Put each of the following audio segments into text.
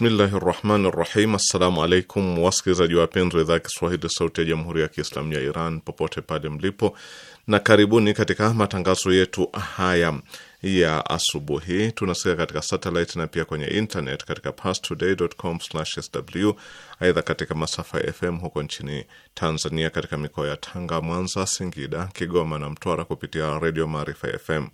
Bismillahi rahmani rahim. Assalamu alaikum wasikilizaji wapenzi wa idhaa ya Kiswahili sauti ya jamhuri ya Kiislamu ya Iran popote pale mlipo, na karibuni katika matangazo yetu haya ya asubuhi. Tunasikia katika satelit na pia kwenye internet katika pastoday.com/sw. Aidha, katika masafa ya FM huko nchini Tanzania, katika mikoa ya Tanga, Mwanza, Singida, Kigoma na Mtwara kupitia redio Maarifa FM.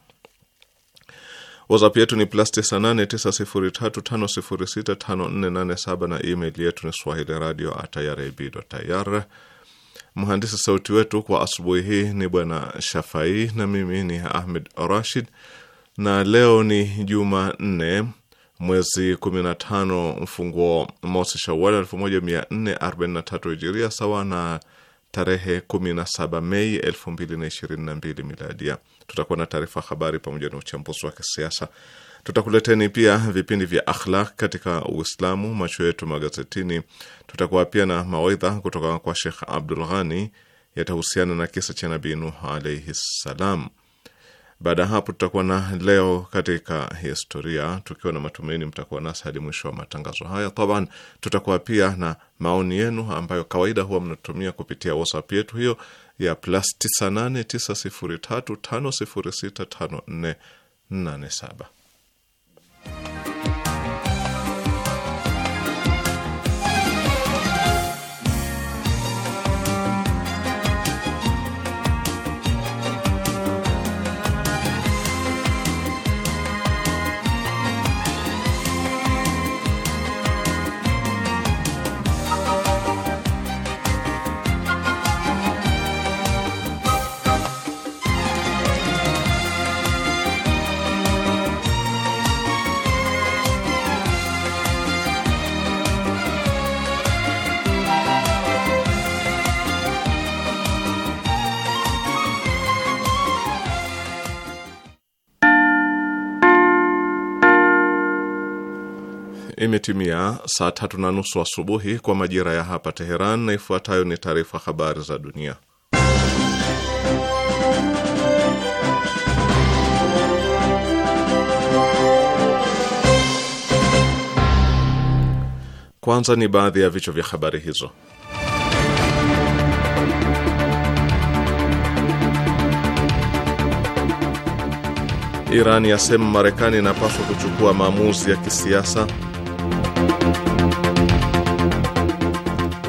WhatsApp yetu ni plus 989035065487 na email yetu ni swahili radio irib.ir. Mhandisi sauti wetu kwa asubuhi hii ni bwana Shafai na mimi ni Ahmed Rashid, na leo ni juma nne mwezi 15 mfunguo mosi Shawal 1443 hijiria sawa na tarehe 17 Mei 2022 miladia. Tutakuwa na taarifa habari pamoja na uchambuzi wa kisiasa. Tutakuleteni pia vipindi vya akhlaq katika Uislamu, macho yetu magazetini. Tutakuwa pia na mawaidha kutoka kwa Shekh Abdul Ghani yatahusiana na kisa cha Nabii Nuh alaihi ssalam. Baada ya hapo tutakuwa na leo katika historia, tukiwa na matumaini mtakuwa nasi hadi mwisho wa matangazo haya. Taban, tutakuwa pia na maoni yenu ambayo kawaida huwa mnatumia kupitia WhatsApp yetu hiyo ya plus 989035065487. Imetimia saa tatu na nusu asubuhi kwa majira ya hapa Teheran, na ifuatayo ni taarifa habari za dunia. Kwanza ni baadhi ya vichwa vya habari hizo. Iran yasema Marekani inapaswa kuchukua maamuzi ya kisiasa.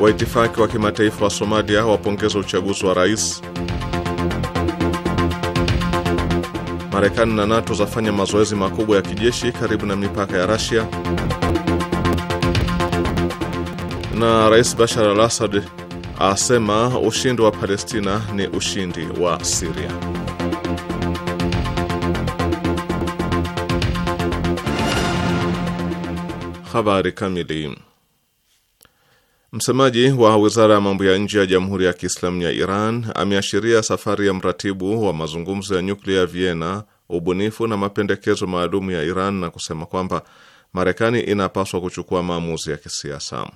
Waitifaki wa kimataifa wa Somalia wapongeza uchaguzi wa rais. Marekani na NATO zafanya mazoezi makubwa ya kijeshi karibu na mipaka ya Russia. Na Rais Bashar al-Assad asema ushindi wa Palestina ni ushindi wa Syria. Habari kamili. Msemaji wa wizara ya mambo ya nje ya Jamhuri ya Kiislamu ya Iran ameashiria safari ya mratibu wa mazungumzo ya nyuklia ya Vienna, ubunifu na mapendekezo maalumu ya Iran na kusema kwamba Marekani inapaswa kuchukua maamuzi ya kisiasa.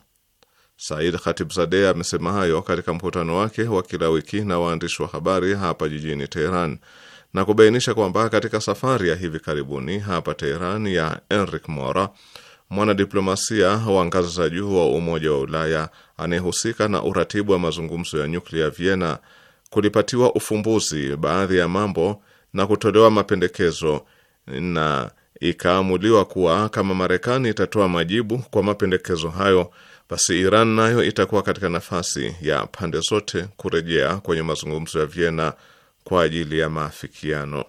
Said Khatibzadeh amesema hayo katika mkutano wake wa kila wiki na waandishi wa habari hapa jijini Teheran na kubainisha kwamba katika safari ya hivi karibuni hapa Teheran ya Enrique Mora mwanadiplomasia wa ngazi za juu wa Umoja wa Ulaya anayehusika na uratibu wa mazungumzo ya nyuklia Vienna kulipatiwa ufumbuzi baadhi ya mambo na kutolewa mapendekezo na ikaamuliwa kuwa kama Marekani itatoa majibu kwa mapendekezo hayo, basi Iran nayo itakuwa katika nafasi ya pande zote kurejea kwenye mazungumzo ya Vienna kwa ajili ya maafikiano.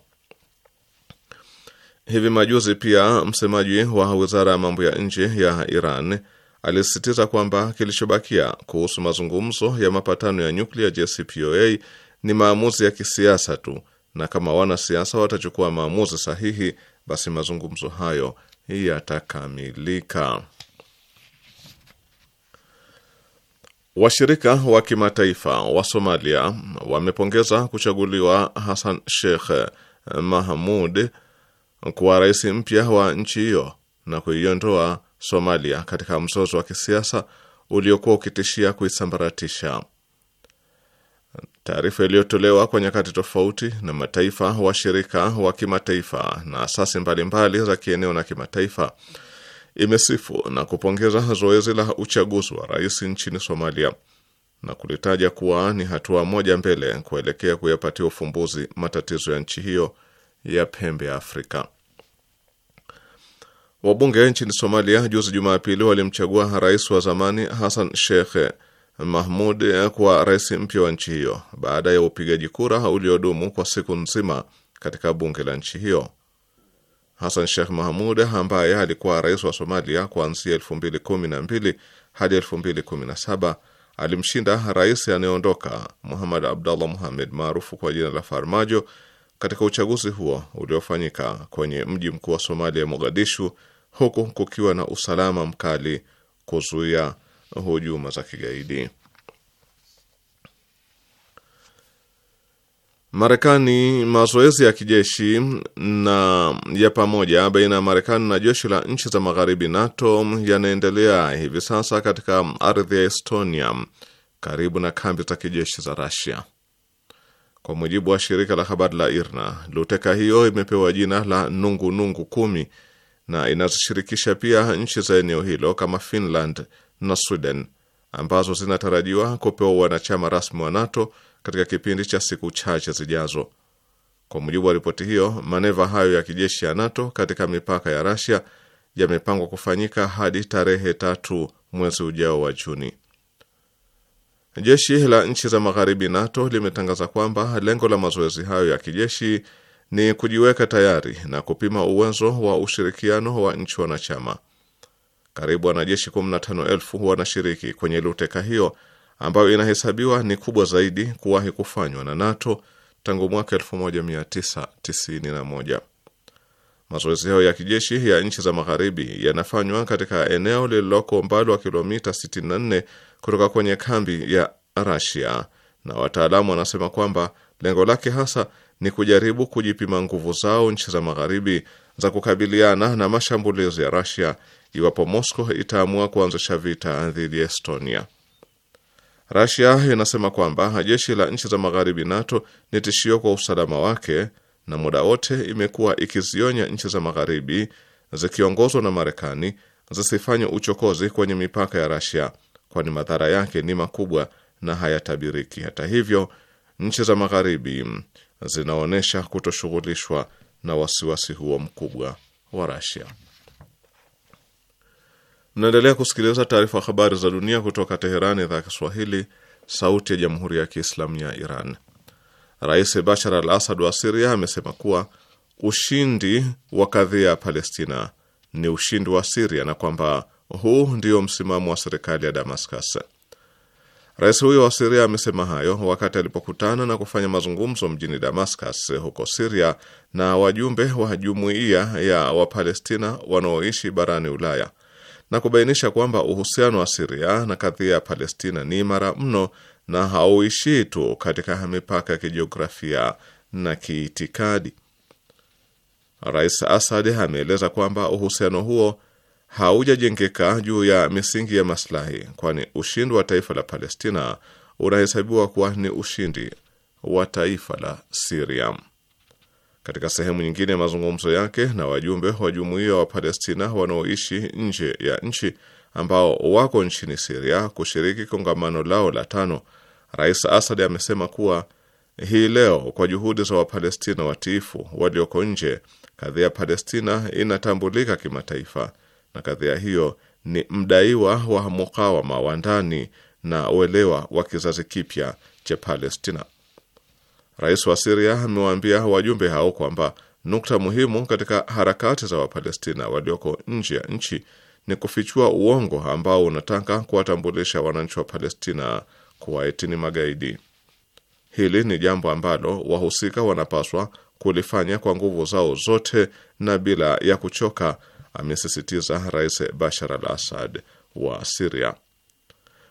Hivi majuzi pia msemaji wa wizara ya mambo ya nje ya Iran alisisitiza kwamba kilichobakia kuhusu mazungumzo ya mapatano ya nyuklia JCPOA ni maamuzi ya kisiasa tu, na kama wanasiasa watachukua maamuzi sahihi, basi mazungumzo hayo yatakamilika. Washirika wa kimataifa wa Somalia wamepongeza kuchaguliwa Hassan Sheikh Mahmud kuwa rais mpya wa nchi hiyo na kuiondoa Somalia katika mzozo wa kisiasa uliokuwa ukitishia kuisambaratisha. Taarifa iliyotolewa kwa nyakati tofauti na mataifa washirika wa kimataifa na asasi mbalimbali za kieneo na kimataifa imesifu na kupongeza zoezi la uchaguzi wa rais nchini Somalia na kulitaja kuwa ni hatua moja mbele kuelekea kuyapatia ufumbuzi matatizo ya nchi hiyo ya pembe ya Afrika. Wabunge nchini Somalia juzi Jumapili walimchagua rais wa zamani Hassan Sheikh Mahmud kuwa rais mpya wa nchi hiyo baada ya upigaji kura uliodumu kwa siku nzima katika bunge la nchi hiyo. Hassan Sheikh Mahmud ambaye alikuwa rais wa Somalia kuanzia 2012 hadi 2017 alimshinda rais anayeondoka Muhammad abdullah Muhamed maarufu kwa jina la Farmajo katika uchaguzi huo uliofanyika kwenye mji mkuu wa Somalia, Mogadishu, huku kukiwa na usalama mkali kuzuia hujuma za kigaidi. Marekani. Mazoezi ya kijeshi na ya pamoja baina ya Marekani na jeshi la nchi za magharibi NATO yanaendelea hivi sasa katika ardhi ya Estonia karibu na kambi za kijeshi za Russia. Kwa mujibu wa shirika la habari la IRNA, luteka hiyo imepewa jina la nungu nungu kumi na inazishirikisha pia nchi za eneo hilo kama Finland na Sweden ambazo zinatarajiwa kupewa wanachama rasmi wa NATO katika kipindi cha siku chache zijazo. Kwa mujibu wa ripoti hiyo, maneva hayo ya kijeshi ya NATO katika mipaka ya rasia yamepangwa kufanyika hadi tarehe tatu mwezi ujao wa Juni. Jeshi la nchi za magharibi NATO limetangaza kwamba lengo la mazoezi hayo ya kijeshi ni kujiweka tayari na kupima uwezo wa ushirikiano wa nchi wanachama. Karibu wanajeshi 15,000 wanashiriki kwenye luteka hiyo ambayo inahesabiwa ni kubwa zaidi kuwahi kufanywa na NATO tangu mwaka 1991. Mazoezi hayo ya kijeshi ya nchi za magharibi yanafanywa katika eneo lililoko umbali wa kilomita 64 kutoka kwenye kambi ya Rasia, na wataalamu wanasema kwamba lengo lake hasa ni kujaribu kujipima nguvu zao nchi za magharibi za kukabiliana na mashambulizi ya Rasia iwapo Moscow itaamua kuanzisha vita dhidi ya Estonia. Rasia inasema kwamba jeshi la nchi za magharibi NATO ni tishio kwa usalama wake na muda wote imekuwa ikizionya nchi za magharibi zikiongozwa na Marekani zisifanye uchokozi kwenye mipaka ya Rasia, kwani madhara yake ni makubwa na hayatabiriki. Hata hivyo, nchi za magharibi zinaonyesha kutoshughulishwa na wasiwasi huo mkubwa wa Rasia. Mnaendelea kusikiliza taarifa habari za dunia kutoka Teherani, idhaa ya Kiswahili, sauti ya jamhuri ya kiislamu ya Iran. Rais Bashar al Asad wa Siria amesema kuwa ushindi wa kadhia ya Palestina ni ushindi wa Siria na kwamba huu ndio msimamo wa serikali ya Damascus. Rais huyo wa Siria amesema hayo wakati alipokutana na kufanya mazungumzo mjini Damascus huko Siria na wajumbe wa jumuiya ya Wapalestina wanaoishi barani Ulaya na kubainisha kwamba uhusiano wa Siria na kadhia ya Palestina ni imara mno na hauishii tu katika mipaka ya kijiografia na kiitikadi. Rais Asad ameeleza kwamba uhusiano huo haujajengeka juu ya misingi ya maslahi, kwani ushindi wa taifa la Palestina unahesabiwa kuwa ni ushindi wa taifa la Siria. Katika sehemu nyingine ya mazungumzo yake na wajumbe wa jumuiya wa Palestina wanaoishi nje ya nchi ambao wako nchini Siria kushiriki kongamano lao la tano, Rais Asad amesema kuwa hii leo, kwa juhudi za Wapalestina watiifu walioko nje, kadhia Palestina inatambulika kimataifa na kadhia hiyo ni mdaiwa wa mukawama wa ndani na uelewa wa kizazi kipya cha Palestina. Rais wa Siria amewaambia wajumbe hao kwamba nukta muhimu katika harakati za Wapalestina walioko nje ya nchi ni kufichua uongo ambao unataka kuwatambulisha wananchi wa Palestina kuwa eti ni magaidi. Hili ni jambo ambalo wahusika wanapaswa kulifanya kwa nguvu zao zote na bila ya kuchoka, amesisitiza Rais Bashar al Assad wa Siria.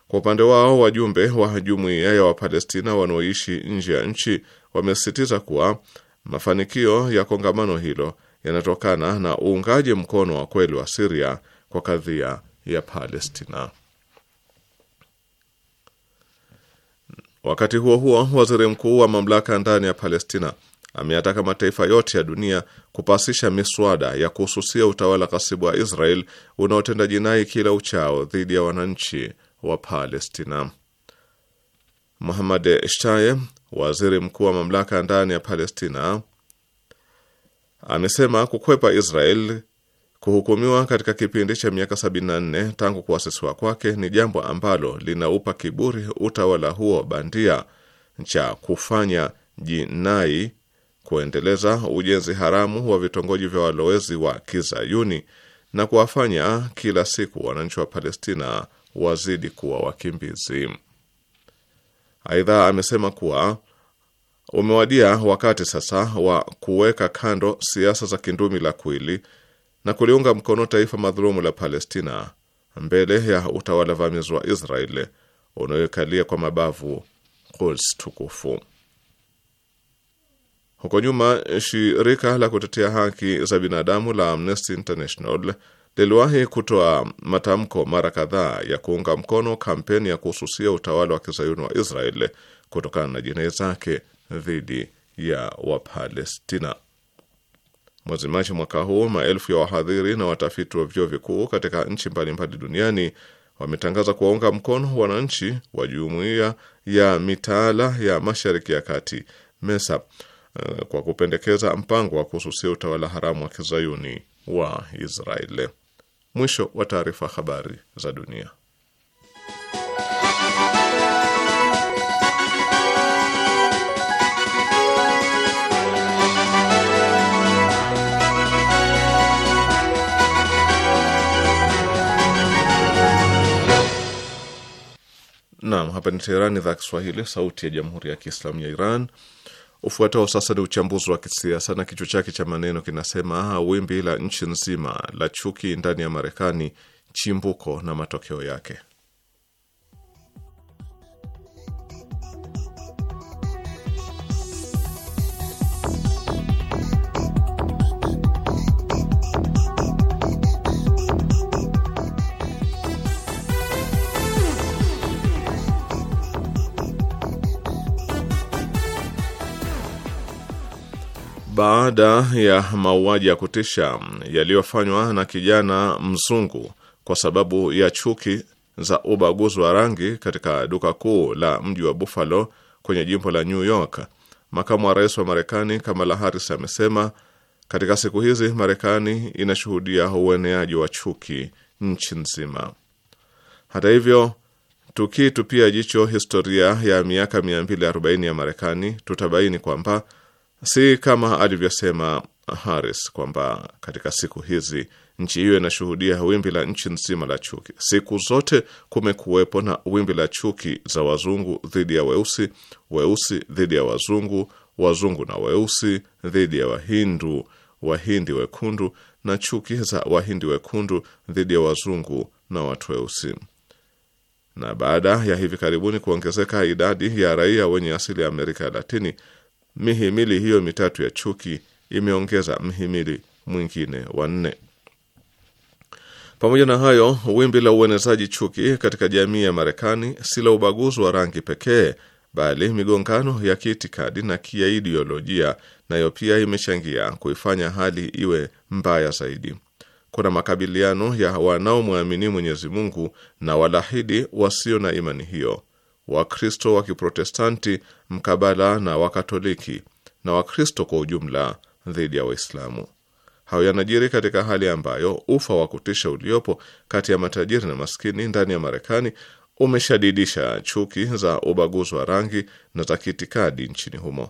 Kwa upande wao wajumbe wa jumuiya ya Wapalestina wanaoishi nje ya nchi wamesisitiza kuwa mafanikio ya kongamano hilo yanatokana na uungaji mkono wa kweli wa Siria kwa kadhia ya Palestina. Wakati huo huo, waziri mkuu wa mamlaka ndani ya Palestina ameyataka mataifa yote ya dunia kupasisha miswada ya kuhususia utawala ghasibu wa Israel unaotenda jinai kila uchao dhidi ya wananchi wa Palestina. Muhammad Shtaye, waziri mkuu wa mamlaka ndani ya Palestina, amesema kukwepa Israel kuhukumiwa katika kipindi cha miaka 74 tangu kuasisiwa kwake ni jambo ambalo linaupa kiburi utawala huo bandia cha kufanya jinai, kuendeleza ujenzi haramu wa vitongoji vya walowezi wa Kizayuni na kuwafanya kila siku wananchi wa Palestina wazidi kuwa wakimbizi. Aidha, amesema kuwa umewadia wakati sasa wa kuweka kando siasa za kindumi la kwili na kuliunga mkono taifa madhulumu la Palestina mbele ya utawala vamizi wa Israeli unaoikalia kwa mabavu Quds tukufu. Huko nyuma, shirika la kutetea haki za binadamu la Amnesty International liliwahi kutoa matamko mara kadhaa ya kuunga mkono kampeni ya kuhususia utawala wa kizayuni wa Israel kutokana na jinai zake dhidi ya Wapalestina. Mwezi Machi mwaka huu, maelfu ya wahadhiri na watafiti wa vyuo vikuu katika nchi mbalimbali duniani wametangaza kuwaunga mkono wananchi wa jumuiya ya mitaala ya mashariki ya kati MESA eh, kwa kupendekeza mpango wa kuhususia utawala haramu wa kizayuni wa Israeli. Mwisho wa taarifa. Habari za dunia. Naam, hapa ni Teherani, idhaa ya Kiswahili, sauti ya jamhuri ya kiislamu ya Iran. Ufuatao sasa ni uchambuzi wa kisiasa na kichwa chake cha maneno kinasema wimbi la nchi nzima la chuki ndani ya Marekani, chimbuko na matokeo yake. baada ya mauaji ya kutisha yaliyofanywa na kijana mzungu kwa sababu ya chuki za ubaguzi wa rangi katika duka kuu la mji wa Buffalo kwenye jimbo la New York, makamu wa rais wa Marekani Kamala Harris amesema katika siku hizi Marekani inashuhudia ueneaji wa chuki nchi nzima. Hata hivyo, tukitupia jicho historia ya miaka 240 ya Marekani tutabaini kwamba Si kama alivyosema Harris kwamba katika siku hizi nchi hiyo inashuhudia wimbi la nchi nzima la chuki. Siku zote kumekuwepo na wimbi la chuki za wazungu dhidi ya weusi, weusi dhidi ya wazungu, wazungu na weusi dhidi ya Wahindu, Wahindi wekundu, na chuki za Wahindi wekundu dhidi ya wazungu na watu weusi. Na baada ya hivi karibuni kuongezeka idadi ya raia wenye asili ya Amerika ya Latini mihimili hiyo mitatu ya chuki imeongeza mhimili mwingine wa nne. Pamoja na hayo, wimbi la uenezaji chuki katika jamii ya Marekani si la ubaguzi wa rangi pekee, bali migongano ya kiitikadi na kiaidiolojia nayo pia imechangia kuifanya hali iwe mbaya zaidi. Kuna makabiliano ya wanaomwamini Mwenyezi Mungu na walahidi wasio na imani hiyo Wakristo wa Kiprotestanti mkabala na Wakatoliki na Wakristo kwa ujumla dhidi ya Waislamu. Hayo yanajiri katika hali ambayo ufa wa kutisha uliopo kati ya matajiri na maskini ndani ya Marekani umeshadidisha chuki za ubaguzi wa rangi na za kiitikadi nchini humo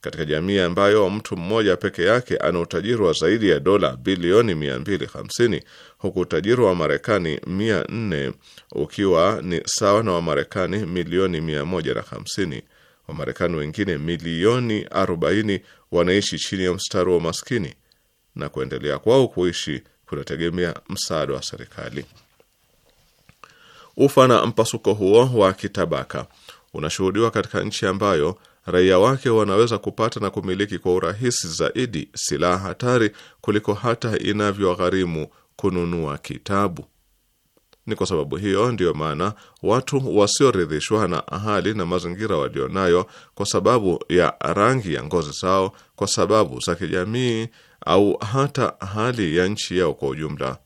katika jamii ambayo mtu mmoja peke yake ana utajiri wa zaidi ya dola bilioni 250 huku utajiri wa Marekani 400 ukiwa ni sawa na Wamarekani milioni 150, Wamarekani wengine milioni 40 wanaishi chini ya mstari wa umaskini na kuendelea kwao kuishi kunategemea msaada wa serikali. Ufa na mpasuko huo wa kitabaka unashuhudiwa katika nchi ambayo raia wake wanaweza kupata na kumiliki kwa urahisi zaidi silaha hatari kuliko hata inavyogharimu kununua kitabu. Ni kwa sababu hiyo ndiyo maana watu wasioridhishwa na hali na mazingira walionayo kwa sababu ya rangi ya ngozi zao, kwa sababu za kijamii, au hata hali ya nchi yao kwa ujumla,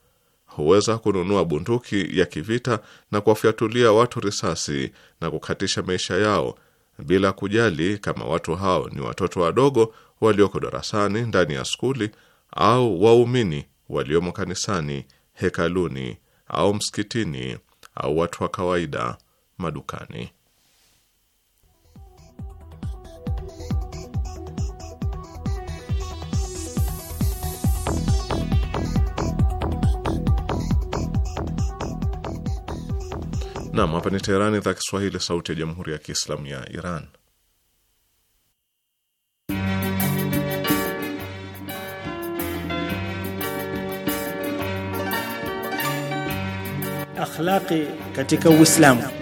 huweza kununua bunduki ya kivita na kuwafyatulia watu risasi na kukatisha maisha yao bila kujali kama watu hao ni watoto wadogo walioko darasani ndani ya skuli au waumini waliomo kanisani, hekaluni au msikitini au watu wa kawaida madukani. Nam, hapa ni Teherani, idhaa Kiswahili, sauti ya jamhuri ya kiislamu ya Iran. Akhlaqi katika Uislamu.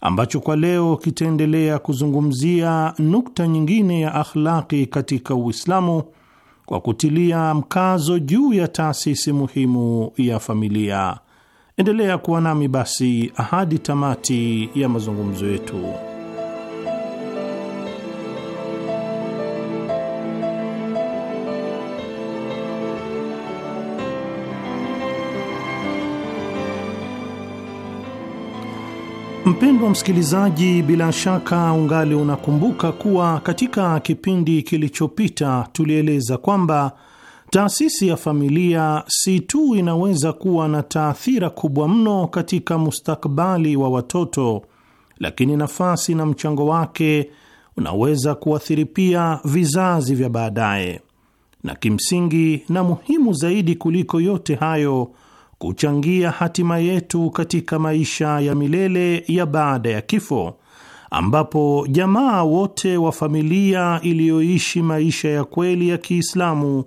ambacho kwa leo kitaendelea kuzungumzia nukta nyingine ya akhlaki katika Uislamu kwa kutilia mkazo juu ya taasisi muhimu ya familia. Endelea kuwa nami basi ahadi tamati ya mazungumzo yetu. Mpendwa msikilizaji, bila shaka ungali unakumbuka kuwa katika kipindi kilichopita tulieleza kwamba taasisi ya familia si tu inaweza kuwa na taathira kubwa mno katika mustakabali wa watoto, lakini nafasi na mchango wake unaweza kuathiri pia vizazi vya baadaye, na kimsingi na muhimu zaidi kuliko yote hayo kuchangia hatima yetu katika maisha ya milele ya baada ya kifo, ambapo jamaa wote wa familia iliyoishi maisha ya kweli ya Kiislamu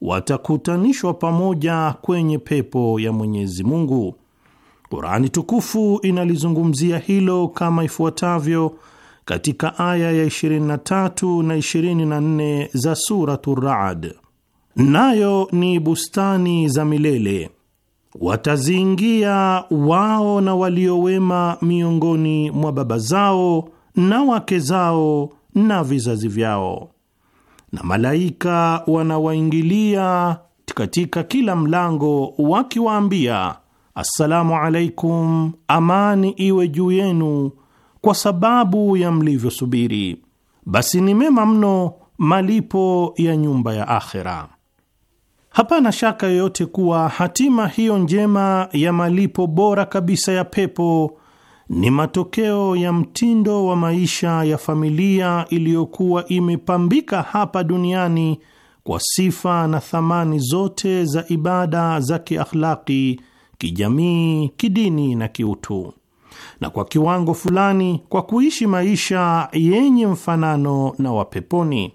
watakutanishwa pamoja kwenye pepo ya Mwenyezi Mungu. Qurani tukufu inalizungumzia hilo kama ifuatavyo katika aya ya 23 na 24 za Suratu Raad: nayo ni bustani za milele wataziingia wao na waliowema miongoni mwa baba zao na wake zao na vizazi vyao, na malaika wanawaingilia katika kila mlango wakiwaambia, assalamu alaikum, amani iwe juu yenu kwa sababu ya mlivyosubiri, basi ni mema mno malipo ya nyumba ya akhera. Hapana shaka yoyote kuwa hatima hiyo njema ya malipo bora kabisa ya pepo ni matokeo ya mtindo wa maisha ya familia iliyokuwa imepambika hapa duniani kwa sifa na thamani zote za ibada za kiakhlaki, kijamii, kidini na kiutu, na kwa kiwango fulani kwa kuishi maisha yenye mfanano na wapeponi.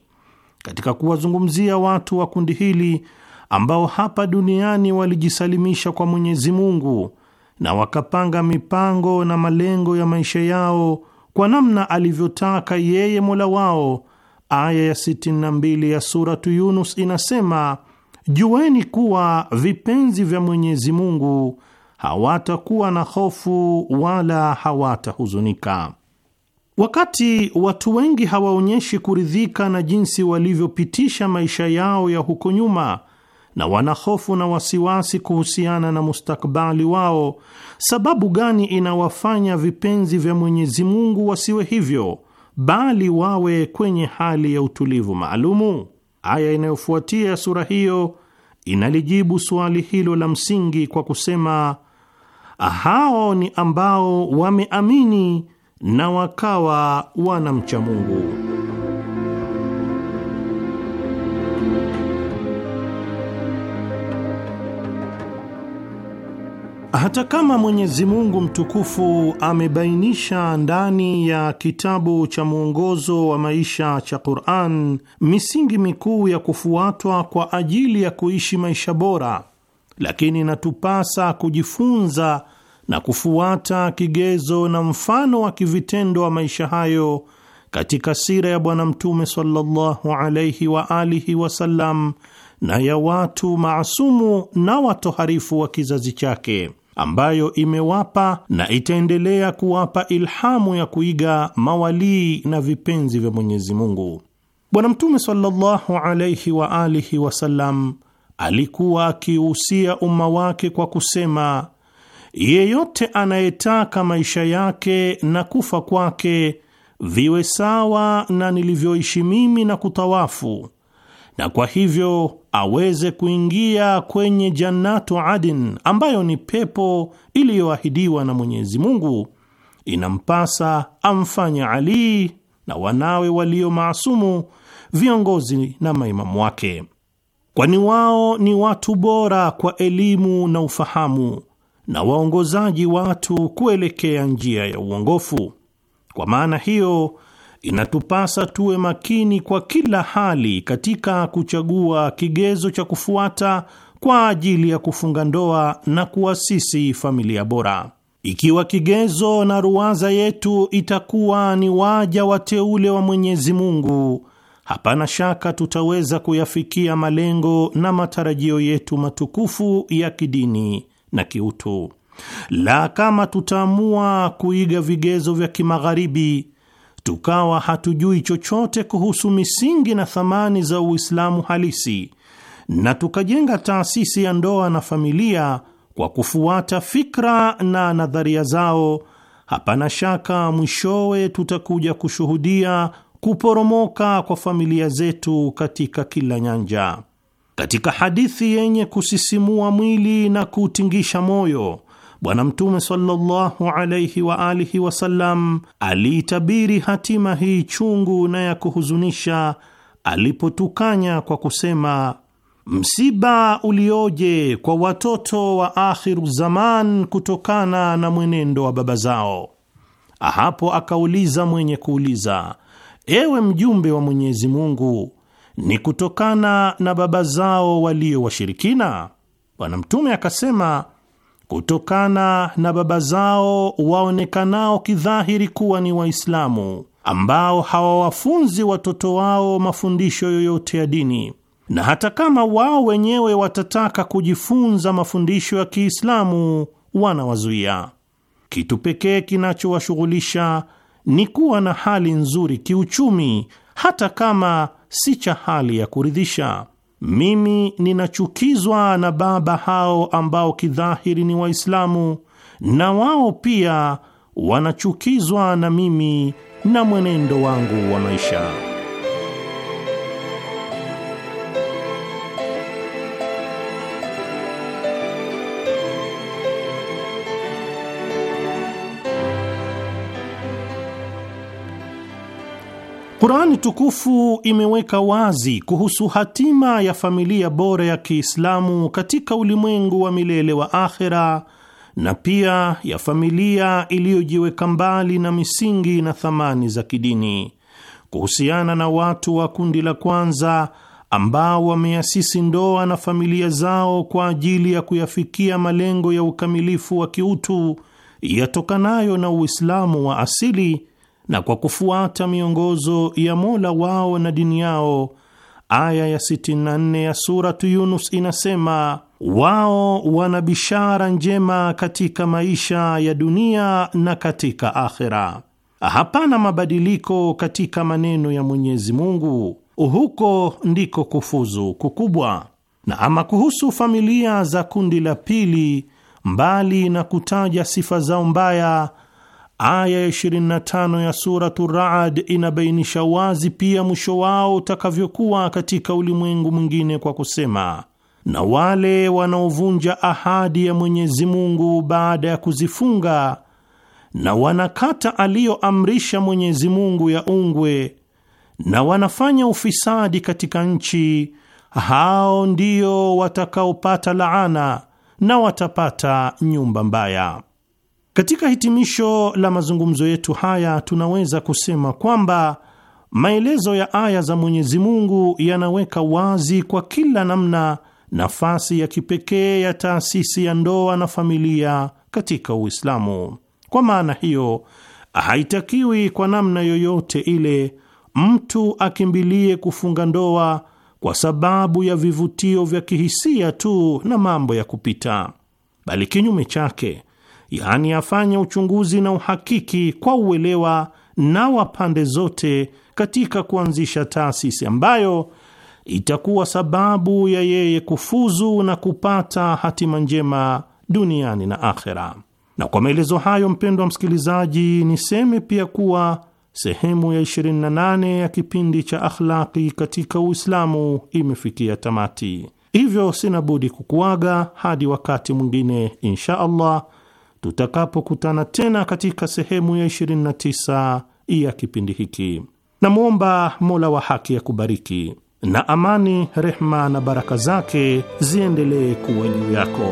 Katika kuwazungumzia watu wa kundi hili ambao hapa duniani walijisalimisha kwa Mwenyezi Mungu na wakapanga mipango na malengo ya maisha yao kwa namna alivyotaka yeye Mola wao. Aya ya 62 ya suratu Yunus inasema, jueni kuwa vipenzi vya Mwenyezi Mungu hawatakuwa na hofu wala hawatahuzunika. Wakati watu wengi hawaonyeshi kuridhika na jinsi walivyopitisha maisha yao ya huko nyuma, na wana hofu na wasiwasi kuhusiana na mustakbali wao, sababu gani inawafanya vipenzi vya Mwenyezi Mungu wasiwe hivyo, bali wawe kwenye hali ya utulivu maalumu? Aya inayofuatia sura hiyo inalijibu suali hilo la msingi kwa kusema, hao ni ambao wameamini na wakawa wanamcha Mungu. Hata kama Mwenyezi Mungu mtukufu amebainisha ndani ya kitabu cha mwongozo wa maisha cha Qur'an misingi mikuu ya kufuatwa kwa ajili ya kuishi maisha bora, lakini inatupasa kujifunza na kufuata kigezo na mfano wa kivitendo wa maisha hayo katika sira ya Bwana Mtume sallallahu wa alihi wasallam na ya watu maasumu na watoharifu wa kizazi chake ambayo imewapa na itaendelea kuwapa ilhamu ya kuiga mawalii na vipenzi vya Mwenyezi Mungu. Bwana Mtume sallallahu alayhi wa alihi wasallam alikuwa akihusia umma wake kwa kusema, yeyote anayetaka maisha yake na kufa kwake viwe sawa na nilivyoishi mimi na kutawafu na kwa hivyo aweze kuingia kwenye Jannatu Adin ambayo ni pepo iliyoahidiwa na Mwenyezi Mungu, inampasa amfanye Ali na wanawe walio maasumu viongozi na maimamu wake, kwani wao ni watu bora kwa elimu na ufahamu na waongozaji watu kuelekea njia ya uongofu. Kwa maana hiyo inatupasa tuwe makini kwa kila hali katika kuchagua kigezo cha kufuata kwa ajili ya kufunga ndoa na kuasisi familia bora. Ikiwa kigezo na ruwaza yetu itakuwa ni waja wateule wa Mwenyezi Mungu, hapana shaka tutaweza kuyafikia malengo na matarajio yetu matukufu ya kidini na kiutu. La, kama tutaamua kuiga vigezo vya kimagharibi tukawa hatujui chochote kuhusu misingi na thamani za Uislamu halisi na tukajenga taasisi ya ndoa na familia kwa kufuata fikra na nadharia zao, hapana shaka mwishowe tutakuja kushuhudia kuporomoka kwa familia zetu katika kila nyanja. Katika hadithi yenye kusisimua mwili na kutingisha moyo Bwana Mtume sallallahu alaihi alihi wasallam aliitabiri hatima hii chungu na ya kuhuzunisha alipotukanya kwa kusema: msiba ulioje kwa watoto wa akhiru zaman kutokana na mwenendo wa baba zao. Hapo akauliza mwenye kuuliza, ewe mjumbe wa Mwenyezi Mungu, ni kutokana na baba zao walio washirikina? Bwana Mtume akasema kutokana na baba zao waonekanao kidhahiri kuwa ni Waislamu ambao hawawafunzi watoto wao mafundisho yoyote ya dini, na hata kama wao wenyewe watataka kujifunza mafundisho ya Kiislamu wanawazuia. Kitu pekee kinachowashughulisha ni kuwa na hali nzuri kiuchumi, hata kama si cha hali ya kuridhisha. Mimi ninachukizwa na baba hao ambao kidhahiri ni Waislamu, na wao pia wanachukizwa na mimi na mwenendo wangu wa maisha. Qurani tukufu imeweka wazi kuhusu hatima ya familia bora ya Kiislamu katika ulimwengu wa milele wa akhera na pia ya familia iliyojiweka mbali na misingi na thamani za kidini. Kuhusiana na watu wa kundi la kwanza ambao wameasisi ndoa na familia zao kwa ajili ya kuyafikia malengo ya ukamilifu wa kiutu yatokanayo na Uislamu wa asili na kwa kufuata miongozo ya Mola wao na dini yao. Aya ya 64 ya suratu Yunus inasema wao wana bishara njema katika maisha ya dunia na katika akhera. Hapana mabadiliko katika maneno ya Mwenyezi Mungu, huko ndiko kufuzu kukubwa. Na ama kuhusu familia za kundi la pili, mbali na kutaja sifa zao mbaya Aya ya 25 ya Suratu Raad inabainisha wazi pia mwisho wao utakavyokuwa katika ulimwengu mwingine kwa kusema, na wale wanaovunja ahadi ya Mwenyezi Mungu baada ya kuzifunga na wanakata aliyoamrisha Mwenyezi Mungu ya ungwe na wanafanya ufisadi katika nchi, hao ndio watakaopata laana na watapata nyumba mbaya. Katika hitimisho la mazungumzo yetu haya tunaweza kusema kwamba maelezo ya aya za Mwenyezi Mungu yanaweka wazi kwa kila namna nafasi ya kipekee ya taasisi ya ndoa na familia katika Uislamu. Kwa maana hiyo, haitakiwi kwa namna yoyote ile mtu akimbilie kufunga ndoa kwa sababu ya vivutio vya kihisia tu na mambo ya kupita, bali kinyume chake yaani afanye uchunguzi na uhakiki kwa uelewa na wa pande zote katika kuanzisha taasisi ambayo itakuwa sababu ya yeye kufuzu na kupata hatima njema duniani na akhera. Na kwa maelezo hayo, mpendwa msikilizaji, niseme pia kuwa sehemu ya 28 ya kipindi cha Akhlaqi katika Uislamu imefikia tamati, hivyo sina budi kukuaga hadi wakati mwingine insha Allah tutakapokutana tena katika sehemu ya 29 ya kipindi hiki. Namwomba Mola wa haki ya kubariki na amani, rehma na baraka zake ziendelee kuwa juu yako.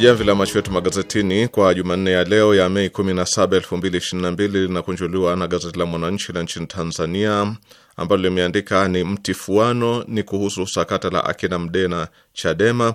Jamvi la macho yetu magazetini kwa Jumanne ya leo ya Mei 17, 2022 linakunjuliwa na gazeti la Mwananchi la nchini Tanzania ambalo limeandika ni mtifuano ni kuhusu sakata la akina Mdena Chadema,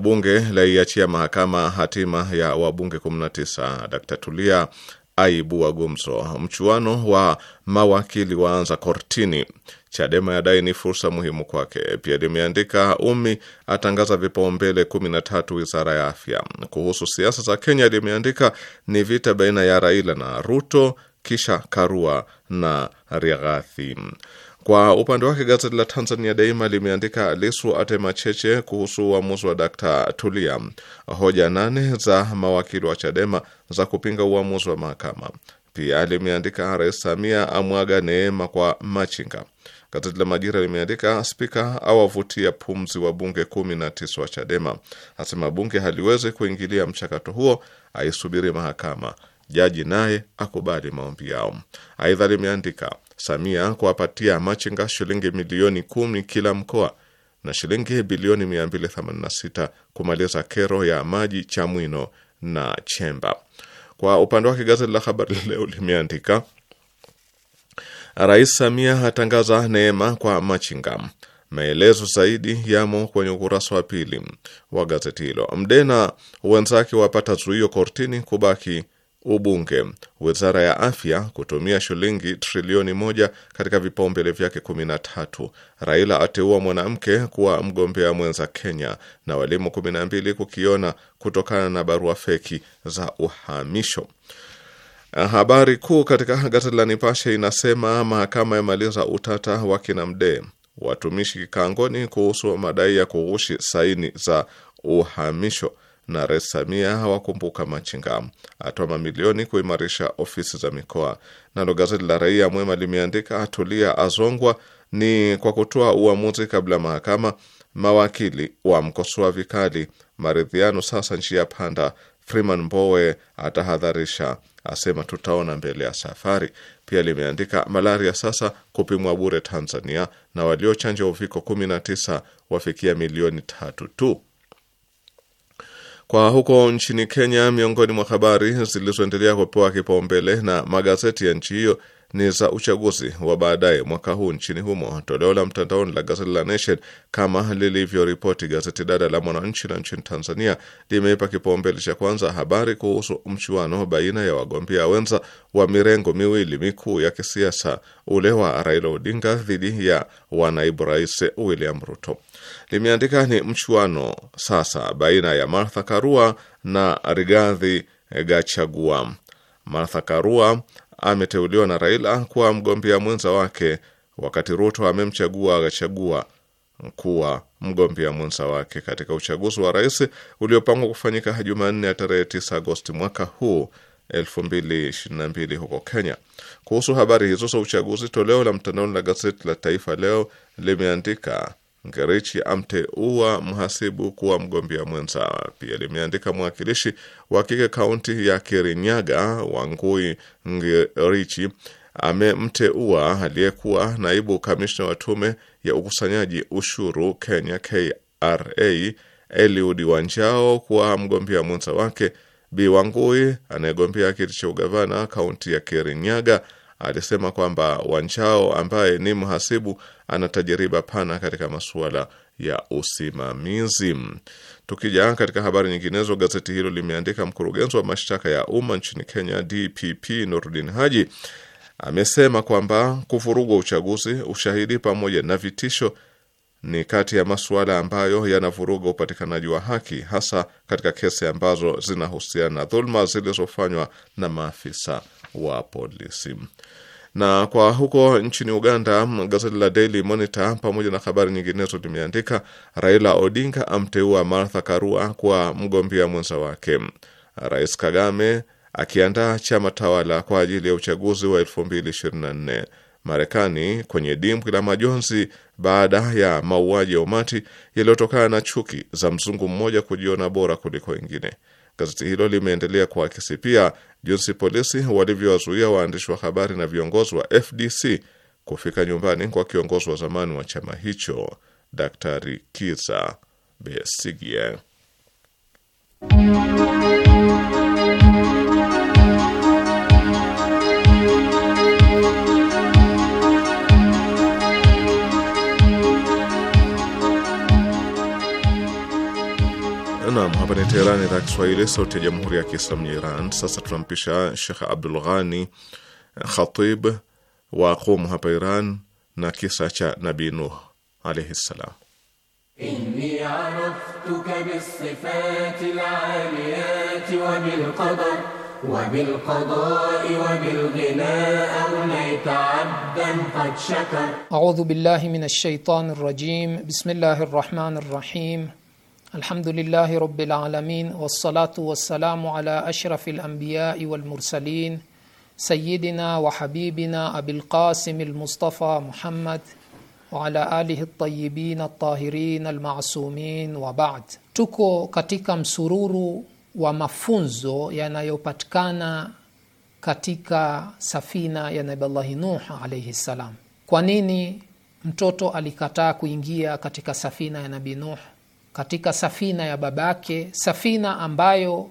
bunge laiachia mahakama hatima ya wabunge 19. Dkt Tulia aibu gumzo, mchuano wa mawakili waanza kortini Chadema yadai ni fursa muhimu kwake. Pia limeandika Umi atangaza vipaumbele kumi na tatu wizara ya afya. Kuhusu siasa za Kenya limeandika ni vita baina ya Raila na Ruto, kisha Karua na Rigathi. Kwa upande wake gazeti la Tanzania Daima limeandika Lisu atema cheche kuhusu uamuzi wa Dkt. Tulia, hoja nane za mawakili wa Chadema za kupinga uamuzi wa mahakama. Pia limeandika Rais Samia amwaga neema kwa machinga. Gazeti la Majira limeandika spika awavutia pumzi wa bunge kumi na tisa wa Chadema, asema bunge haliwezi kuingilia mchakato huo, aisubiri mahakama, jaji naye akubali maombi yao. Aidha limeandika Samia kuwapatia machinga shilingi milioni kumi kila mkoa na shilingi bilioni 286 kumaliza kero ya maji Chamwino na Chemba. Kwa upande wake gazeti la Habari Leo limeandika Rais Samia atangaza neema kwa machinga. Maelezo zaidi yamo kwenye ukurasa wa pili wa gazeti hilo. Mdena wenzake wapata zuio kortini kubaki ubunge. Wizara ya afya kutumia shilingi trilioni moja katika vipaumbele vyake kumi na tatu. Raila ateua mwanamke kuwa mgombea mwenza Kenya, na walimu kumi na mbili kukiona kutokana na barua feki za uhamisho. Ah, habari kuu katika gazeti la Nipashe inasema mahakama yamaliza utata wa kina Mdee, watumishi kikangoni kuhusu madai ya kughushi saini za uhamisho, na Rais Samia hawakumbuka machinga, atoa mamilioni kuimarisha ofisi za mikoa. Nalo gazeti la Raia Mwema limeandika tulia azongwa ni kwa kutoa uamuzi kabla mahakama, mawakili wamkosoa vikali, maridhiano sasa njia panda, Freeman Mbowe atahadharisha asema tutaona mbele ya safari. Pia limeandika malaria sasa kupimwa bure Tanzania, na waliochanja uviko 19 wafikia milioni tatu tu. Kwa huko nchini Kenya, miongoni mwa habari zilizoendelea kupewa kipaumbele na magazeti ya nchi hiyo ni za uchaguzi wa baadaye mwaka huu nchini humo. Toleo la mtandaoni la gazeti la Nation, kama lilivyoripoti gazeti dada la Mwananchi la nchini Tanzania, limeipa kipaumbele cha kwanza habari kuhusu mchuano baina ya wagombea wenza wa mirengo miwili mikuu ya kisiasa, ule wa Raila Odinga dhidi ya wanaibu rais William Ruto. Limeandika ni mchuano sasa baina ya Martha Karua na Rigathi Gachagua. Martha Karua ameteuliwa na Raila kuwa mgombea mwenza wake, wakati Ruto amemchagua Gachagua kuwa mgombea mwenza wake katika uchaguzi wa rais uliopangwa kufanyika Jumanne ya tarehe 9 Agosti mwaka huu 2022 huko Kenya. Kuhusu habari hizo za uchaguzi, toleo la mtandaoni la gazeti la Taifa Leo limeandika Ngerichi amteua mhasibu kuwa mgombea mwenza. Pia limeandika mwakilishi wa kike kaunti ya Kirinyaga Wangui Ngerichi amemteua aliyekuwa naibu kamishna wa tume ya ukusanyaji ushuru Kenya KRA Eliud Wanjao kuwa mgombea mwenza wake. Bi Wangui anayegombea kiti cha ugavana kaunti ya Kirinyaga alisema kwamba Wanchao ambaye ni mhasibu ana tajiriba pana katika masuala ya usimamizi. Tukija katika habari nyinginezo, gazeti hilo limeandika mkurugenzi wa mashtaka ya umma nchini Kenya DPP Nurdin Haji amesema kwamba kuvurugwa uchaguzi, ushahidi pamoja na vitisho ni kati ya masuala ambayo yanavuruga upatikanaji wa haki hasa katika kesi ambazo zinahusiana na dhuluma zilizofanywa na maafisa wa polisi. Na kwa huko nchini Uganda, gazeti la Daily Monitor pamoja na habari nyinginezo limeandika Raila Odinga amteua Martha Karua kwa mgombea mwenza wake. Rais Kagame akiandaa chama tawala kwa ajili ya uchaguzi wa 2024. Marekani kwenye dimbwi la majonzi baada ya mauaji ya umati yaliyotokana na chuki za mzungu mmoja kujiona bora kuliko wengine. Gazeti hilo limeendelea kuakisi pia jinsi polisi walivyowazuia waandishi wa habari na viongozi wa FDC kufika nyumbani kwa kiongozi wa zamani wa chama hicho Daktari Kiza Besigye. Nam, hapa ni Teheran, idhaa Kiswahili, sauti ya jamhuri ya kiislamu ya Iran. Sasa tunampisha Shekh Abdul Ghani, khatib wa Qumu hapa Iran, na kisa cha Nabi Nuh alaihi ssalam. Inni araftuka bisifati laliyati wabilqadar wabilqadai wabilghina awnaita abdan qad shakar. Audhu billahi minash shaitani rrajim. Bismillahir rahmanir rahim. الحمد لله رب العالمين والصلاة والسلام على أشرف الأنبياء والمرسلين سيدنا وحبيبنا أبي القاسم المصطفى محمد وعلى آله الطيبين الطاهرين المعصومين وبعد tuko katika msururu wa mafunzo yanayopatikana katika safina ya nabillahi nuh alayhi salam kwa nini mtoto alikataa kuingia katika safina ya nabii nuh katika safina ya babake, safina ambayo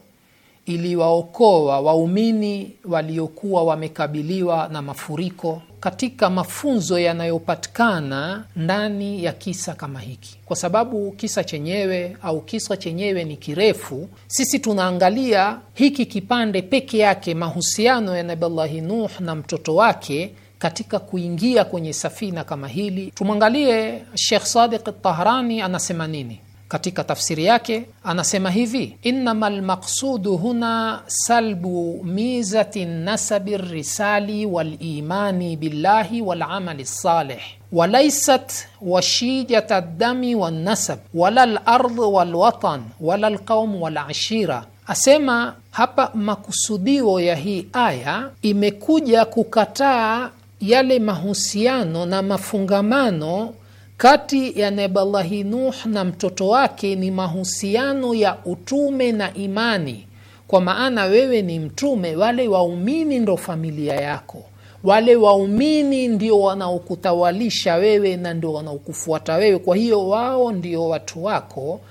iliwaokoa waumini waliokuwa wamekabiliwa na mafuriko, katika mafunzo yanayopatikana ndani ya kisa kama hiki, kwa sababu kisa chenyewe au kisa chenyewe ni kirefu. Sisi tunaangalia hiki kipande peke yake, mahusiano ya Nabillahi Nuh na mtoto wake katika kuingia kwenye safina kama hili. Tumwangalie Shekh Sadiq Tahrani anasema nini katika tafsiri yake anasema hivi innama lmaqsudu huna salbu mizati nasabi lrisali walimani billahi walamali lsaleh walaisat washijata ldami wnasab wala lard walwatan wala lqaum walashira asema hapa makusudio ya hii aya imekuja kukataa yale mahusiano na mafungamano kati ya nebalahi Nuh na mtoto wake ni mahusiano ya utume na imani, kwa maana wewe ni mtume, wale waumini ndo familia yako, wale waumini ndio wanaokutawalisha wewe na ndio wanaokufuata wewe. Kwa hiyo wao ndio watu wako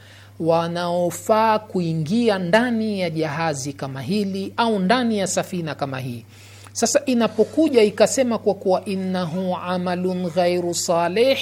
wanaofaa kuingia ndani ya jahazi kama hili au ndani ya safina kama hii. Sasa inapokuja ikasema kwa kuwa innahu amalun ghairu salih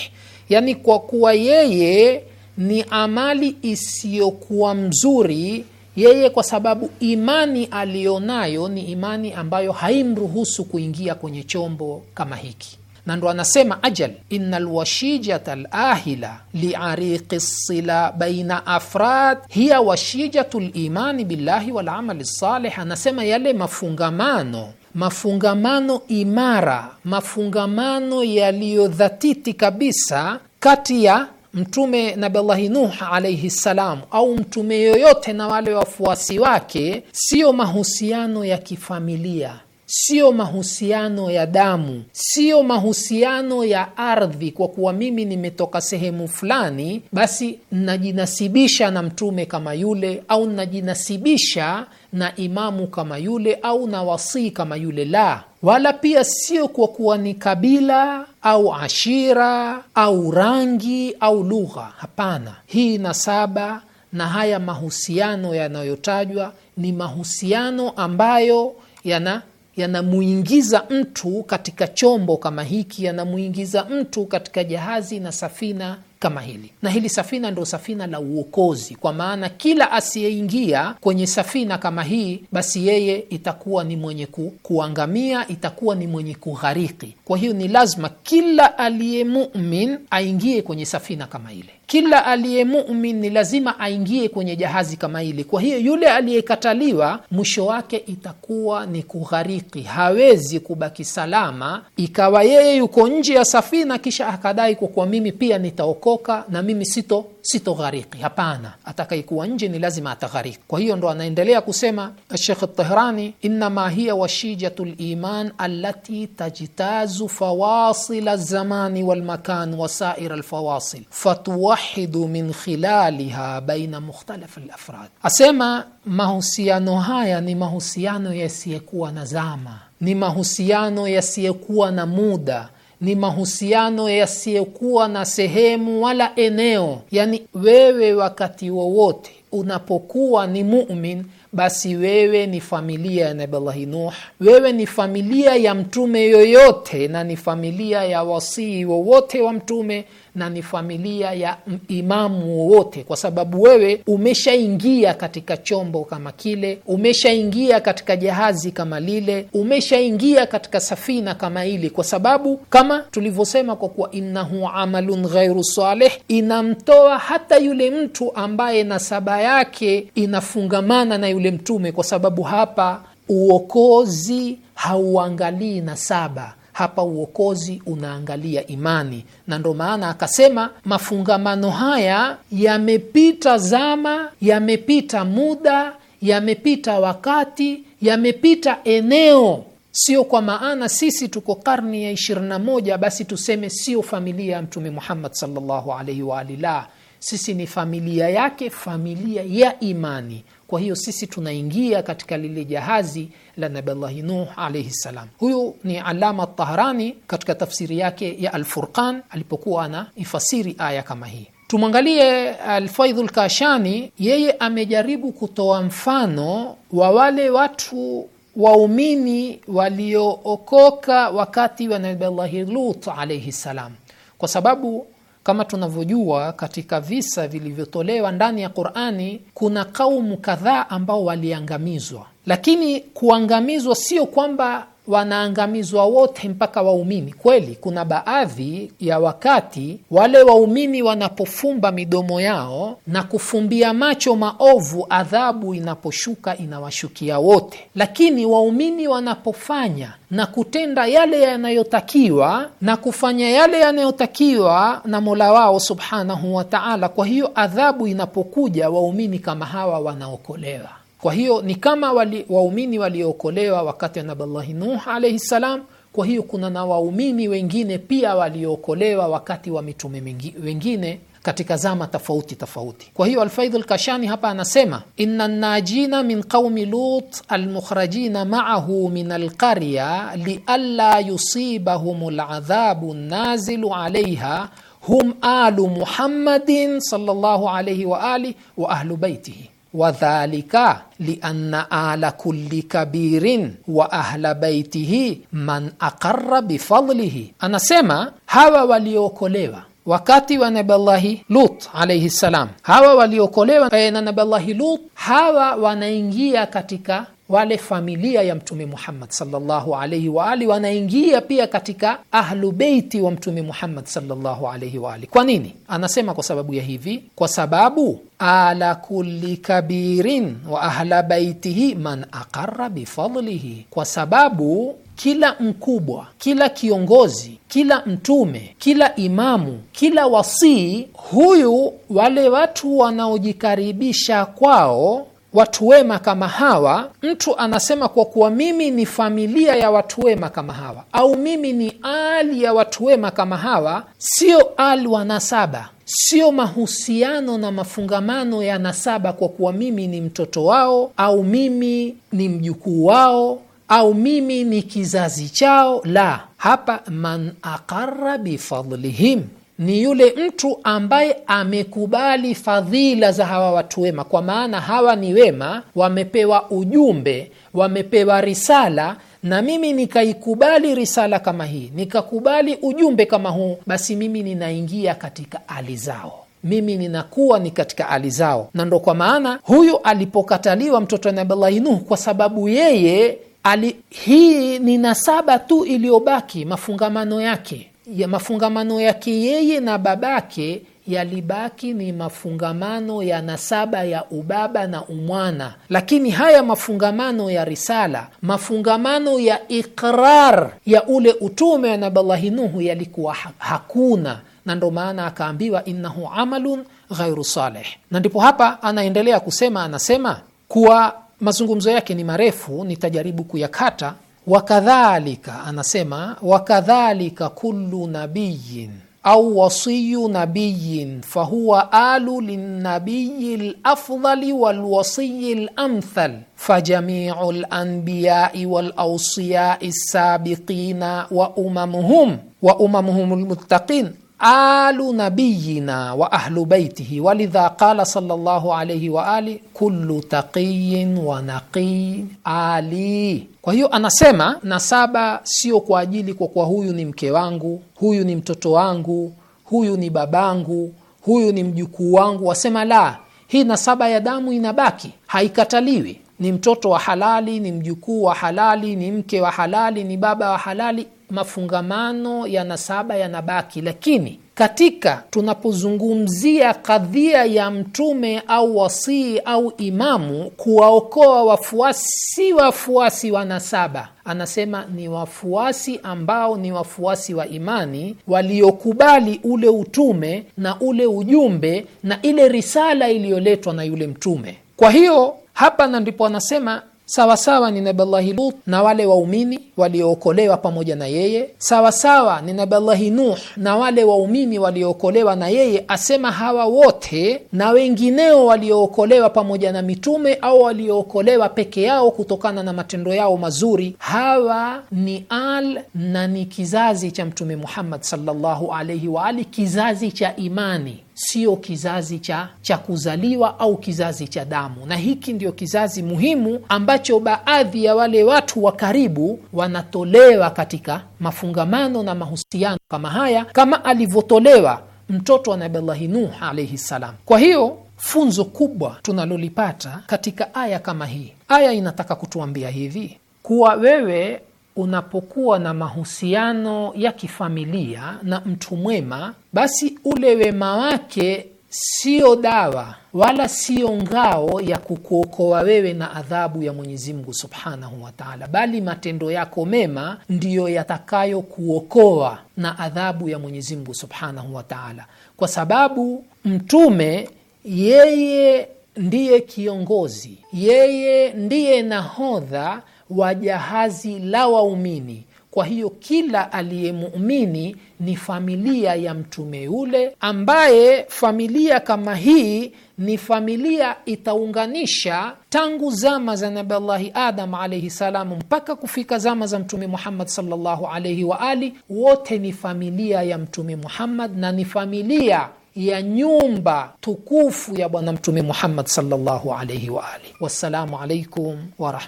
yani kwa kuwa yeye ni amali isiyokuwa mzuri yeye kwa sababu imani aliyonayo ni imani ambayo haimruhusu kuingia kwenye chombo kama hiki na ndo anasema ajal ina lwashijata lahila liariqi sila baina afrad hiya washijatu limani billahi walamali saleh Anasema yale mafungamano mafungamano imara mafungamano yaliyodhatiti kabisa kati ya Mtume Nabillahi Nuh alaihi ssalam au mtume yoyote na wale wafuasi wake, siyo mahusiano ya kifamilia siyo mahusiano ya damu, siyo mahusiano ya ardhi. Kwa kuwa mimi nimetoka sehemu fulani, basi najinasibisha na mtume kama yule, au najinasibisha na imamu kama yule, au na wasii kama yule. La, wala pia sio kwa kuwa ni kabila au ashira au rangi au lugha. Hapana, hii nasaba na haya mahusiano yanayotajwa ni mahusiano ambayo yana yanamuingiza mtu katika chombo kama hiki, yanamuingiza mtu katika jahazi na safina kama hili na hili safina ndo safina la uokozi, kwa maana kila asiyeingia kwenye safina kama hii, basi yeye itakuwa ni mwenye ku, kuangamia, itakuwa ni mwenye kughariki. Kwa hiyo ni lazima kila aliye mumin aingie kwenye safina kama ile kila aliyemumin ni lazima aingie kwenye jahazi kama ile kwa hiyo yule aliyekataliwa mwisho wake itakuwa ni kughariki hawezi kubaki salama ikawa yeye yuko nje ya safina kisha akadai kwa kuwa mimi pia nitaokoka na mimi sito sitoghariki. Hapana, atakayekuwa nje ni lazima ataghariki. Kwa hiyo ndo anaendelea kusema Shekh Tehrani, inma hiya washijatu liman alati tajtazu fawasila lzamani walmakan wasaira lfawasil fatuwahidu min khilaliha baina mukhtalafi lafrad. Asema mahusiano haya ni mahusiano yasiyekuwa na zama, ni mahusiano yasiyekuwa na muda ni mahusiano yasiyokuwa na sehemu wala eneo. Yani wewe wakati wowote unapokuwa ni mumin, basi wewe ni familia ya Nabillahi Nuh, wewe ni familia ya mtume yoyote, na ni familia ya wasii wowote wa mtume na ni familia ya imamu wowote kwa sababu wewe umeshaingia katika chombo kama kile, umeshaingia katika jahazi kama lile, umeshaingia katika safina kama hili, kwa sababu kama tulivyosema, kwa kuwa innahu amalun ghairu saleh, inamtoa hata yule mtu ambaye nasaba yake inafungamana na yule mtume, kwa sababu hapa uokozi hauangalii nasaba hapa uokozi unaangalia imani, na ndo maana akasema mafungamano haya yamepita zama, yamepita muda, yamepita wakati, yamepita eneo. Sio kwa maana sisi tuko karni ya 21 basi tuseme sio familia ya Mtume Muhammad sallallahu alaihi wa Sisi ni familia yake, familia ya imani kwa hiyo sisi tunaingia katika lile jahazi la Nabillahi Nuh alaihi ssalam. Huyu ni Alama Tahrani katika tafsiri yake ya Alfurqan alipokuwa anaifasiri aya kama hii. Tumwangalie Alfaidhu Lkashani, yeye amejaribu kutoa mfano wa wale watu waumini waliookoka wakati wa Nabillahi Lut alaihi ssalam, kwa sababu kama tunavyojua katika visa vilivyotolewa ndani ya Qurani, kuna kaumu kadhaa ambao waliangamizwa, lakini kuangamizwa sio kwamba wanaangamizwa wote mpaka waumini. Kweli kuna baadhi ya wakati wale waumini wanapofumba midomo yao na kufumbia macho maovu, adhabu inaposhuka inawashukia wote, lakini waumini wanapofanya na kutenda yale yanayotakiwa na kufanya yale yanayotakiwa na Mola wao subhanahu wataala kwa hiyo adhabu inapokuja waumini kama hawa wanaokolewa kwa hiyo ni kama wali, waumini waliookolewa wakati wa nabillahi nuh alaihi ssalam kwa hiyo kuna na waumini wengine pia waliookolewa wakati wa mitume wengine katika zama tofauti tofauti. Kwa hiyo Alfaidh Lkashani hapa anasema inna najina min qaumi Lut almukhrajina maahu min alqarya lialla yusibahum ladhabu nazilu alaiha hum alu Muhammadin sallallahu alaihi wa alihi wa ahlu baitihi وذلك لان ال كل كبير واهل بيته من اقر بفضله anasema hawa waliokolewa wakati wa nabillahi lut alaihi salam hawa waliokolewa na nabillahi lut hawa wanaingia katika wale familia ya Mtume Muhammad sallallahu alaihi wa ali wanaingia pia katika ahlu beiti wa Mtume Muhammad sallallahu alaihi wa ali. Kwa nini anasema? Kwa sababu ya hivi, kwa sababu ala kulli kabirin wa ahla baitihi man aqarra bifadlihi, kwa sababu kila mkubwa, kila kiongozi, kila mtume, kila imamu, kila wasii, huyu wale watu wanaojikaribisha kwao watu wema kama hawa, mtu anasema kwa kuwa mimi ni familia ya watu wema kama hawa, au mimi ni ali ya watu wema kama hawa, sio ali wa nasaba, sio mahusiano na mafungamano ya nasaba, kwa kuwa mimi ni mtoto wao au mimi ni mjukuu wao au mimi ni kizazi chao. La, hapa man aqara bifadlihim ni yule mtu ambaye amekubali fadhila za hawa watu wema, kwa maana hawa ni wema, wamepewa ujumbe, wamepewa risala na mimi nikaikubali risala kama hii, nikakubali ujumbe kama huu, basi mimi ninaingia katika ali zao, mimi ninakuwa ni katika ali zao. Na ndo kwa maana huyu alipokataliwa mtoto Nabillahi Nuh, kwa sababu yeye ali, hii ni nasaba tu iliyobaki, mafungamano yake ya mafungamano yake yeye na babake yalibaki ni mafungamano ya nasaba ya ubaba na umwana, lakini haya mafungamano ya risala, mafungamano ya ikrar ya ule utume wa Nabillahi Nuhu yalikuwa hakuna, na ndo maana akaambiwa innahu amalun ghairu saleh. Na ndipo hapa anaendelea kusema, anasema kuwa mazungumzo yake ni marefu, nitajaribu kuyakata wakadhalika anasema wakadhalika kullu nabiyin au wasiyu nabiyin fahuwa alu linabiyi lafdhali walwasiyi lamthal fajamiu lanbiyai walausiyai lsabiqina wa umamuhum wa umamuhum lmuttaqin alu nabiyina wa ahlu baitihi walidha qala sallallahu alayhi wa ali kullu taqiyin wa naqi ali. Kwa hiyo anasema nasaba sio kwa ajili kwa kuwa huyu ni mke wangu, huyu ni mtoto wangu, huyu ni babangu, huyu ni mjukuu wangu, wasema la, hii nasaba ya damu inabaki, haikataliwi. Ni mtoto wa halali, ni mjukuu wa halali, ni mke wa halali, ni baba wa halali mafungamano ya nasaba yanabaki, lakini katika tunapozungumzia kadhia ya mtume au wasii au imamu kuwaokoa wafuasi, si wafuasi wa nasaba, anasema ni wafuasi ambao ni wafuasi wa imani waliokubali ule utume na ule ujumbe na ile risala iliyoletwa na yule mtume. Kwa hiyo hapa na ndipo anasema sawasawa ni Nabillahi Lut na wale waumini waliookolewa pamoja na yeye, sawasawa ni Nabillahi Nuh na wale waumini waliookolewa na yeye. Asema hawa wote na wengineo waliookolewa pamoja na mitume au waliookolewa peke yao kutokana na matendo yao mazuri, hawa ni al na ni kizazi cha Mtume Muhammad sallallahu alaihi wa ali, kizazi cha imani sio kizazi cha cha kuzaliwa au kizazi cha damu, na hiki ndio kizazi muhimu ambacho baadhi ya wale watu wa karibu wanatolewa katika mafungamano na mahusiano kama haya, kama alivyotolewa mtoto wa Nabillahi Nuh alaihi ssalam. Kwa hiyo funzo kubwa tunalolipata katika aya kama hii, aya inataka kutuambia hivi kuwa wewe unapokuwa na mahusiano ya kifamilia na mtu mwema, basi ule wema wake sio dawa wala siyo ngao ya kukuokoa wewe na adhabu ya Mwenyezi Mungu Subhanahu wa Ta'ala, bali matendo yako mema ndiyo yatakayokuokoa na adhabu ya Mwenyezi Mungu Subhanahu wa Ta'ala, kwa sababu mtume yeye ndiye kiongozi, yeye ndiye nahodha wa jahazi la waumini. Kwa hiyo kila aliyemuumini ni familia ya mtume yule, ambaye familia kama hii ni familia itaunganisha tangu zama za Nabi Allahi Adam alaihi salamu mpaka kufika zama za Mtume Muhammad sallallahu alaihi wa ali, wote ni familia ya Mtume Muhammad na ni familia ya nyumba tukufu ya Bwana Mtume Muhammad sallallahu alayhi wa alihi. Wassalamu alaykum wa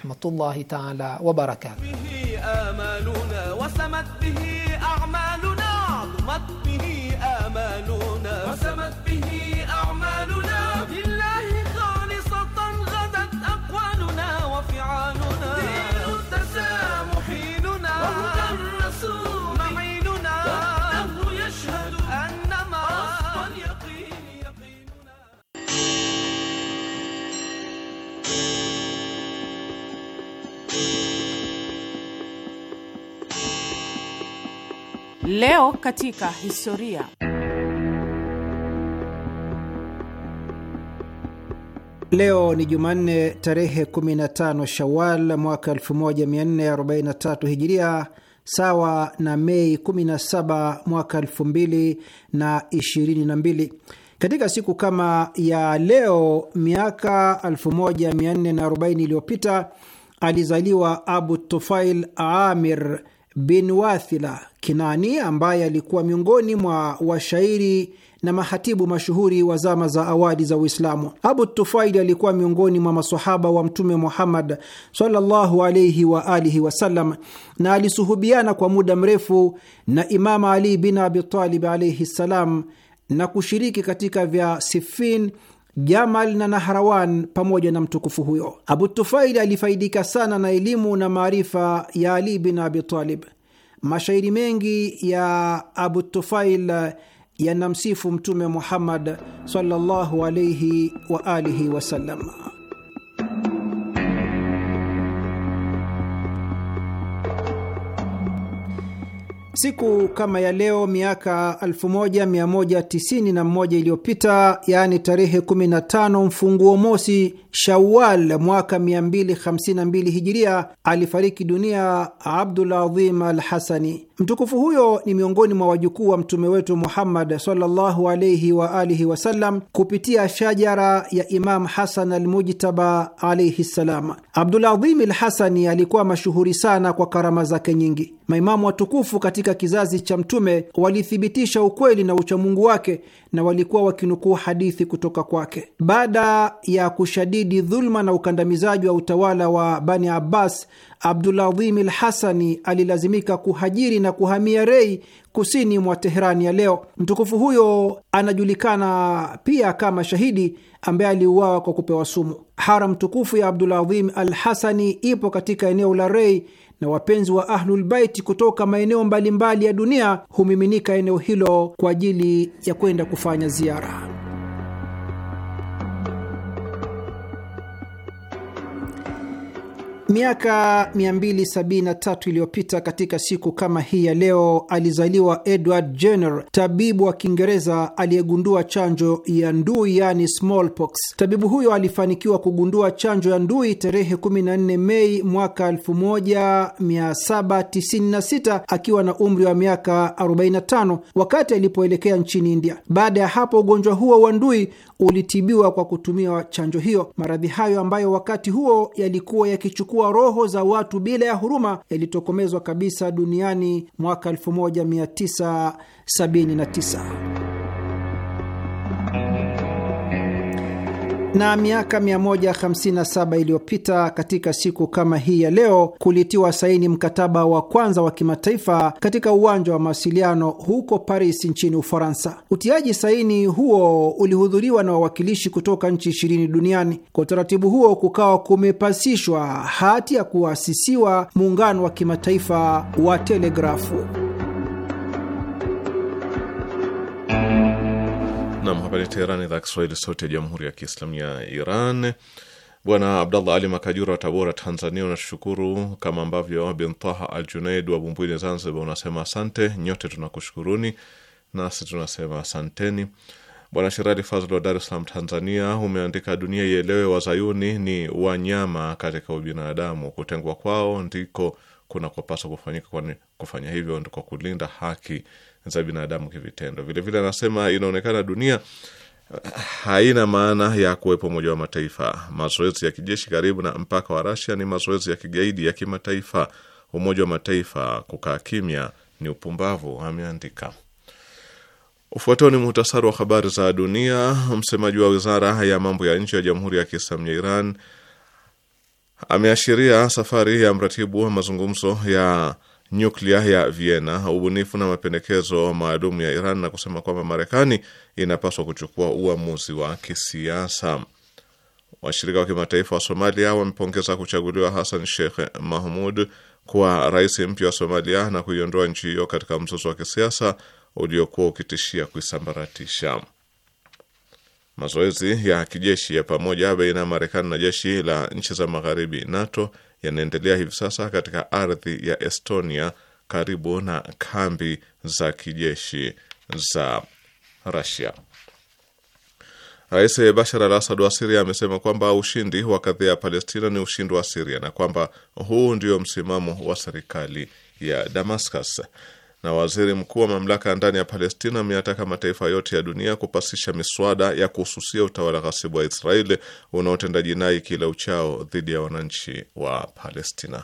ta'ala wa Leo katika historia. Leo ni Jumanne tarehe 15 Shawal mwaka 1443 Hijiria, sawa na Mei 17 mwaka 2022. Katika siku kama ya leo miaka 1440 iliyopita alizaliwa Abu Tufail Amir bin Wathila Kinani ambaye alikuwa miongoni mwa washairi na mahatibu mashuhuri wa zama za awali za Uislamu. Abu Tufaili alikuwa miongoni mwa masahaba wa Mtume Muhammad sallallahu alayhi wa alihi wasallam, na alisuhubiana kwa muda mrefu na Imama Ali bin abitalib alaihi alayhi ssalam na kushiriki katika vya sifin Jamal na Naharawan pamoja na mtukufu huyo. Abu Tufail alifaidika sana na elimu na maarifa ya Ali bin Abi Talib. Mashairi mengi ya Abu Tufail yanamsifu Mtume Muhammad sallallahu alaihi wa alihi wasallam. Siku kama ya leo miaka 1191 iliyopita, yaani tarehe 15 mfunguo mosi Shawal mwaka 252 hijiria, alifariki dunia Abdul Adhim al Hasani, Mtukufu huyo ni miongoni mwa wajukuu wa mtume wetu Muhammad sallallahu alaihi wa alihi wasallam kupitia shajara ya Imam Hasan Almujtaba alaihi ssalam. Abduladhim Alhasani alikuwa mashuhuri sana kwa karama zake nyingi. Maimamu watukufu katika kizazi cha Mtume walithibitisha ukweli na uchamungu wake na walikuwa wakinukuu hadithi kutoka kwake. Baada ya kushadidi dhuluma na ukandamizaji wa utawala wa Bani Abbas Abduladhim al Hasani alilazimika kuhajiri na kuhamia Rei, kusini mwa Teherani ya leo. Mtukufu huyo anajulikana pia kama shahidi ambaye aliuawa kwa kupewa sumu. Haram tukufu ya Abdulazim al Hasani ipo katika eneo la Rei na wapenzi wa Ahlulbaiti kutoka maeneo mbalimbali ya dunia humiminika eneo hilo kwa ajili ya kwenda kufanya ziara. Miaka 273 iliyopita katika siku kama hii ya leo alizaliwa Edward Jenner, tabibu wa Kiingereza aliyegundua chanjo ya ndui, yani smallpox. Tabibu huyo alifanikiwa kugundua chanjo ya ndui tarehe 14 Mei mwaka 1796 akiwa na umri wa miaka 45 wakati alipoelekea nchini India. Baada ya hapo, ugonjwa huo wa ndui ulitibiwa kwa kutumia chanjo hiyo. Maradhi hayo ambayo wakati huo yalikuwa yakichukua kuua roho za watu bila ya huruma yalitokomezwa kabisa duniani mwaka 1979. Na miaka 157 iliyopita katika siku kama hii ya leo kulitiwa saini mkataba wa kwanza wa kimataifa katika uwanja wa mawasiliano huko Paris nchini Ufaransa. Utiaji saini huo ulihudhuriwa na wawakilishi kutoka nchi ishirini duniani. Kwa utaratibu huo, kukawa kumepasishwa hati ya kuasisiwa muungano wa kimataifa wa telegrafu. Nam, hapa ni Teherani, idhaa Kiswahili, sauti ya jamhuri ya kiislamu ya Iran. Bwana Abdallah Ali Makajura wa Tabora, Tanzania, unashukuru kama ambavyo Taha Al Junaid wa Bumbwini, Zanzibar, unasema asante. Nyote tunakushukuruni, nasi tunasema asanteni. Bwana Shirali Fazl wa Dar es Salaam, Tanzania, umeandika dunia ielewe, wazayuni ni wanyama katika ubinadamu. Kutengwa kwao ndiko kunakopaswa kufanyika, kwani kufanya hivyo ndiko kulinda haki za binadamu kivitendo. Vilevile anasema vile inaonekana dunia ah, haina maana ya kuwepo Umoja wa Mataifa. Mazoezi ya kijeshi karibu na mpaka wa Rasia ni mazoezi ya kigaidi ya kimataifa. Umoja wa Mataifa kukaa kimya ni upumbavu, ameandika. Ufuatao ni muhtasari wa habari za dunia. Msemaji wa wizara ya mambo ya nje ya Jamhuri ya Kiislamu ya Iran ameashiria safari ya mratibu wa mazungumzo ya nyuklia ya Vienna, ubunifu na mapendekezo maalum ya Iran na kusema kwamba Marekani inapaswa kuchukua uamuzi wa kisiasa. Washirika wa kimataifa wa Somalia wamepongeza kuchaguliwa Hassan Sheikh Mahmud kuwa rais mpya wa Somalia na kuiondoa nchi hiyo katika mzozo wa kisiasa uliokuwa ukitishia kuisambaratisha. Mazoezi ya kijeshi ya pamoja baina ya Marekani na jeshi la nchi za magharibi NATO yanaendelea hivi sasa katika ardhi ya Estonia karibu na kambi za kijeshi za Russia. Rais Bashar al Asad wa Siria amesema kwamba ushindi wa kadhia ya Palestina ni ushindi wa Siria na kwamba huu ndio msimamo wa serikali ya Damascus na waziri mkuu wa mamlaka ya ndani ya Palestina ameyataka mataifa yote ya dunia kupasisha miswada ya kuhususia utawala ghasibu wa Israeli unaotenda jinai kila uchao dhidi ya wananchi wa Palestina.